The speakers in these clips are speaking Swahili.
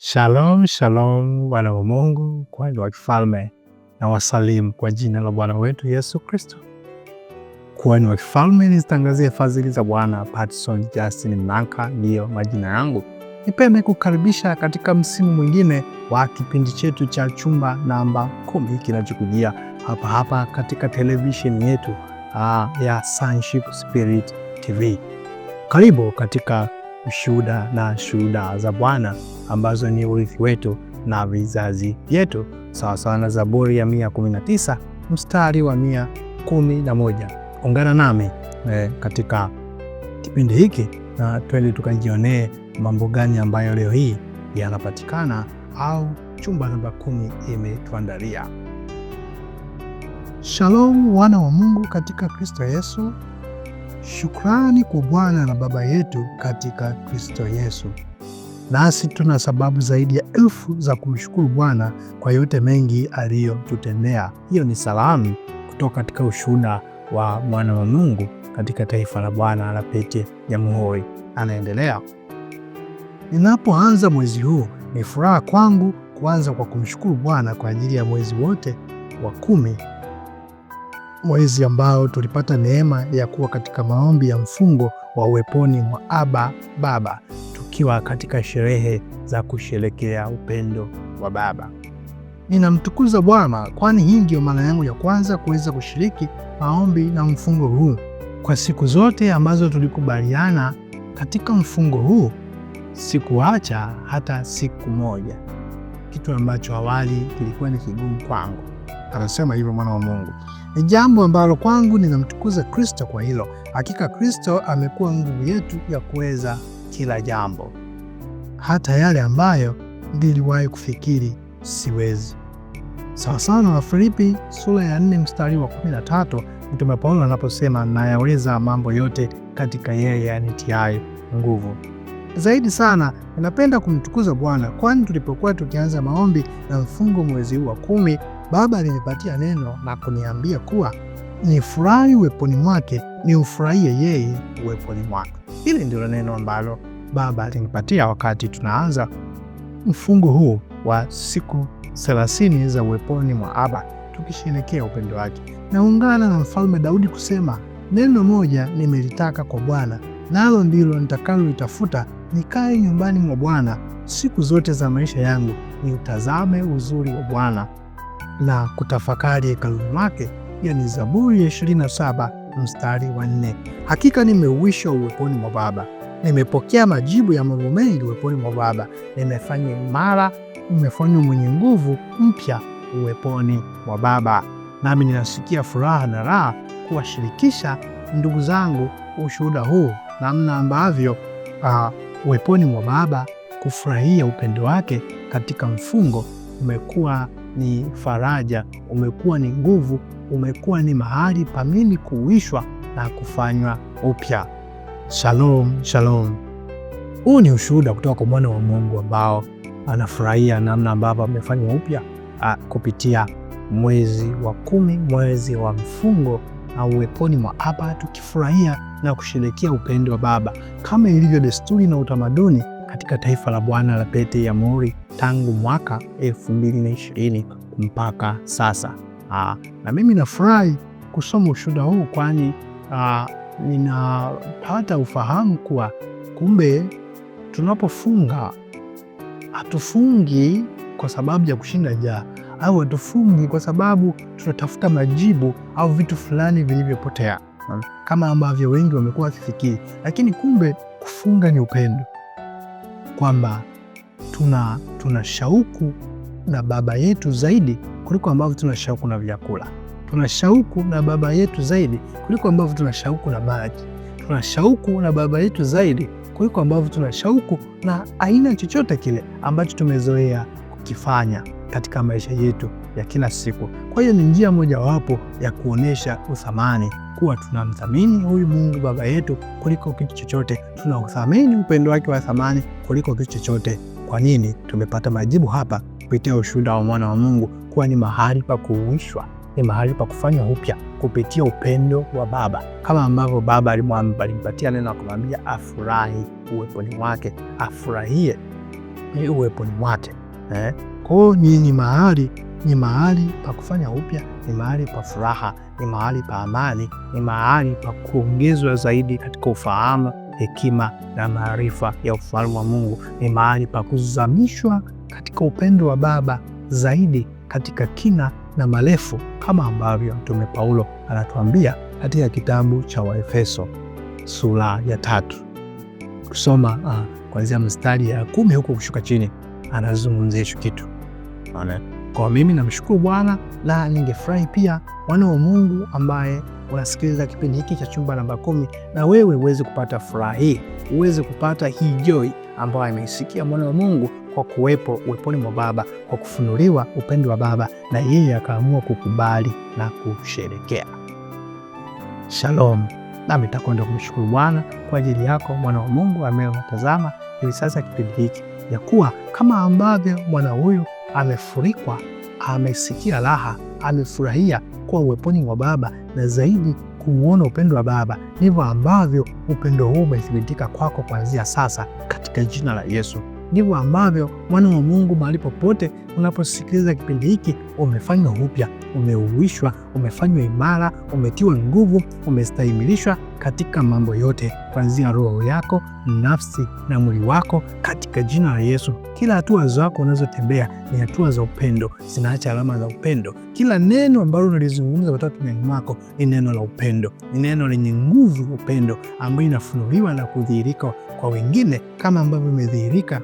Shalom shalom, wana wa Mungu kwani wa kifalme na wasalimu kwa jina la Bwana wetu Yesu Kristo. Kuhani wa kifalme nizitangazia fadhili za Bwana. Patson Justin Mnanka ndiyo majina yangu. Nipende kukaribisha katika msimu mwingine wa kipindi chetu cha chumba namba kumi kinachokujia hapa hapa katika televisheni yetu ah, ya Sonship Spirit TV. Karibu katika ushuhuda na shuhuda za Bwana ambazo ni urithi wetu na vizazi vyetu, sawasawa na Zaburi ya 119 mstari wa 111. Ungana nami eh, katika kipindi hiki na twende tukajionee mambo gani ambayo leo hii yanapatikana au chumba namba kumi imetuandalia. Shalom wana wa Mungu katika Kristo Yesu. Shukrani kwa Bwana na Baba yetu katika Kristo Yesu. Nasi tuna sababu zaidi ya elfu za kumshukuru Bwana kwa yote mengi aliyotutendea. Hiyo ni salamu kutoka katika ushuhuda wa mwana wa Mungu katika taifa la Bwana la Pete Jamhuri. Anaendelea, ninapoanza mwezi huu ni furaha kwangu kuanza kwa kumshukuru Bwana kwa ajili ya mwezi wote wa kumi mwezi ambao tulipata neema ya kuwa katika maombi ya mfungo wa uweponi mwa Aba Baba, tukiwa katika sherehe za kusherekea upendo wa Baba. Ninamtukuza Bwana, kwani hii ndiyo mara yangu ya kwanza kuweza kushiriki maombi na mfungo huu. Kwa siku zote ambazo tulikubaliana katika mfungo huu, sikuacha hata siku moja, kitu ambacho awali kilikuwa ni kigumu kwangu anasema hivyo mwana wa Mungu. Ni jambo ambalo kwangu ninamtukuza Kristo kwa hilo. Hakika Kristo amekuwa nguvu yetu ya kuweza kila jambo, hata yale ambayo niliwahi kufikiri siwezi. Sawasawa na Wafilipi sura ya 4 mstari wa 13 Mtume Paulo anaposema nayaweza mambo yote katika yeye anitiaye nguvu. Zaidi sana ninapenda kumtukuza Bwana, kwani tulipokuwa tukianza maombi na mfungo mwezi huu wa kumi Baba alinipatia neno na kuniambia kuwa nifurahi uweponi mwake, niufurahie yeye uweponi mwake. Hili ndilo neno ambalo Baba alinipatia wakati tunaanza mfungo huu wa siku thelathini za uweponi mwa Aba, tukisherekea upendo wake. Naungana na Mfalme Daudi kusema, neno moja nimelitaka kwa Bwana, nalo ndilo nitakalolitafuta, nikae nyumbani mwa Bwana siku zote za maisha yangu, niutazame uzuri wa Bwana na kutafakari hekaluni mwake, yani ni Zaburi ya 27 mstari wa 4: hakika nimeuisha uweponi mwa Baba, nimepokea majibu ya mambo mengi uweponi mwa Baba, nimefanywa imara, nimefanywa mwenye nguvu mpya uweponi mwa Baba. Nami ninasikia furaha na raha kuwashirikisha ndugu zangu ushuhuda huu, namna ambavyo uh, uweponi mwa Baba, kufurahia upendo wake katika mfungo umekuwa ni faraja, umekuwa ni nguvu, umekuwa ni mahali pa mimi kuuishwa na kufanywa upya. Shalom, shalom. Huu ni ushuhuda kutoka kwa mwana wa Mungu ambao anafurahia namna ambavyo amefanywa upya ah, kupitia mwezi wa kumi, mwezi wa mfungo na uweponi mwa hapa tukifurahia na kusherekea upendo wa Baba kama ilivyo desturi na utamaduni katika taifa la Bwana la Pete ya mori tangu mwaka 2020 mpaka sasa. Aa, na mimi nafurahi kusoma ushuhuda huu kwani ninapata ufahamu kuwa kumbe tunapofunga hatufungi kwa sababu ya kushinda njaa au hatufungi kwa sababu tunatafuta majibu au vitu fulani vilivyopotea kama ambavyo wengi wamekuwa wakifikiri, lakini kumbe kufunga ni upendo kwamba tuna, tuna shauku na Baba yetu zaidi kuliko ambavyo tuna shauku na vyakula. Tuna shauku na Baba yetu zaidi kuliko ambavyo tuna shauku na maji. Tuna shauku na Baba yetu zaidi kuliko ambavyo tuna shauku na aina chochote kile ambacho tumezoea kukifanya katika maisha yetu ya kila siku. Kwa hiyo ni njia mojawapo ya kuonyesha uthamani kuwa tunamthamini huyu Mungu Baba yetu kuliko kitu chochote, tunauthamini upendo wake wa thamani kuliko kitu chochote. Kwa nini? Tumepata majibu hapa kupitia ushuhuda wa mwana wa Mungu kuwa ni mahali pa kuuishwa, ni mahali pa kufanywa upya kupitia upendo wa Baba, kama ambavyo Baba alimpatia neno akamwambia afurahi uweponi mwake, afurahie uweponi mwake eh? Kwa hiyo ni mahali ni mahali pa kufanya upya, ni mahali pa furaha, ni mahali pa amani, ni mahali pa kuongezwa zaidi katika ufahamu, hekima na maarifa ya ufalme wa Mungu, ni mahali pa kuzamishwa katika upendo wa Baba zaidi katika kina na marefu, kama ambavyo Mtume Paulo anatuambia katika kitabu cha Waefeso sura ya tatu kusoma uh, kuanzia mstari ya kumi huko kushuka chini, anazungumzia hicho kitu Amen. Kwa mimi namshukuru Bwana na ningefurahi pia mwana wa Mungu ambaye unasikiliza kipindi hiki cha chumba namba kumi, na wewe uweze kupata furaha hii, uweze kupata hii joy ambayo ameisikia mwana wa Mungu kwa kuwepo uweponi mwa Baba, kwa kufunuliwa upendo wa Baba, na yeye akaamua kukubali na kusherekea. Shalom, nami takwenda kumshukuru Bwana kwa ajili yako mwana wa Mungu ambaye unatazama hivi sasa kipindi hiki, ya kuwa kama ambavyo mwana huyu amefurikwa, amesikia raha, amefurahia kuwa uweponi mwa Baba na zaidi kuuona upendo wa Baba. Ndivyo ambavyo upendo huu umethibitika kwako kuanzia sasa katika jina la Yesu. Ndivyo ambavyo mwana wa Mungu, mahali popote unaposikiliza kipindi hiki, umefanywa upya, umeuishwa, umefanywa imara, umetiwa nguvu, umestahimilishwa katika mambo yote, kuanzia roho yako, nafsi na mwili wako, katika jina la Yesu. Kila hatua zako unazotembea ni hatua za upendo, zinaacha alama za upendo. Kila neno ambalo unalizungumza kutoka kinywani mwako ni neno la upendo, ni neno lenye nguvu, upendo ambayo inafunuliwa na kudhihirika kwa wengine, kama ambavyo imedhihirika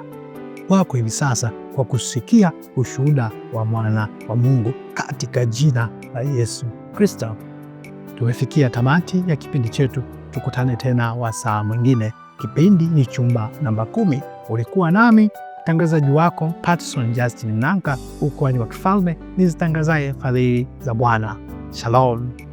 kwako hivi sasa kwa kusikia ushuhuda wa mwana wa Mungu katika jina la Yesu Kristo tumefikia tamati ya kipindi chetu. Tukutane tena wasaa mwingine. Kipindi ni chumba namba kumi. Ulikuwa nami mtangazaji wako Patson Justin Nanka, ukoani wa kifalme nizitangazaye fadhili za Bwana. Shalom.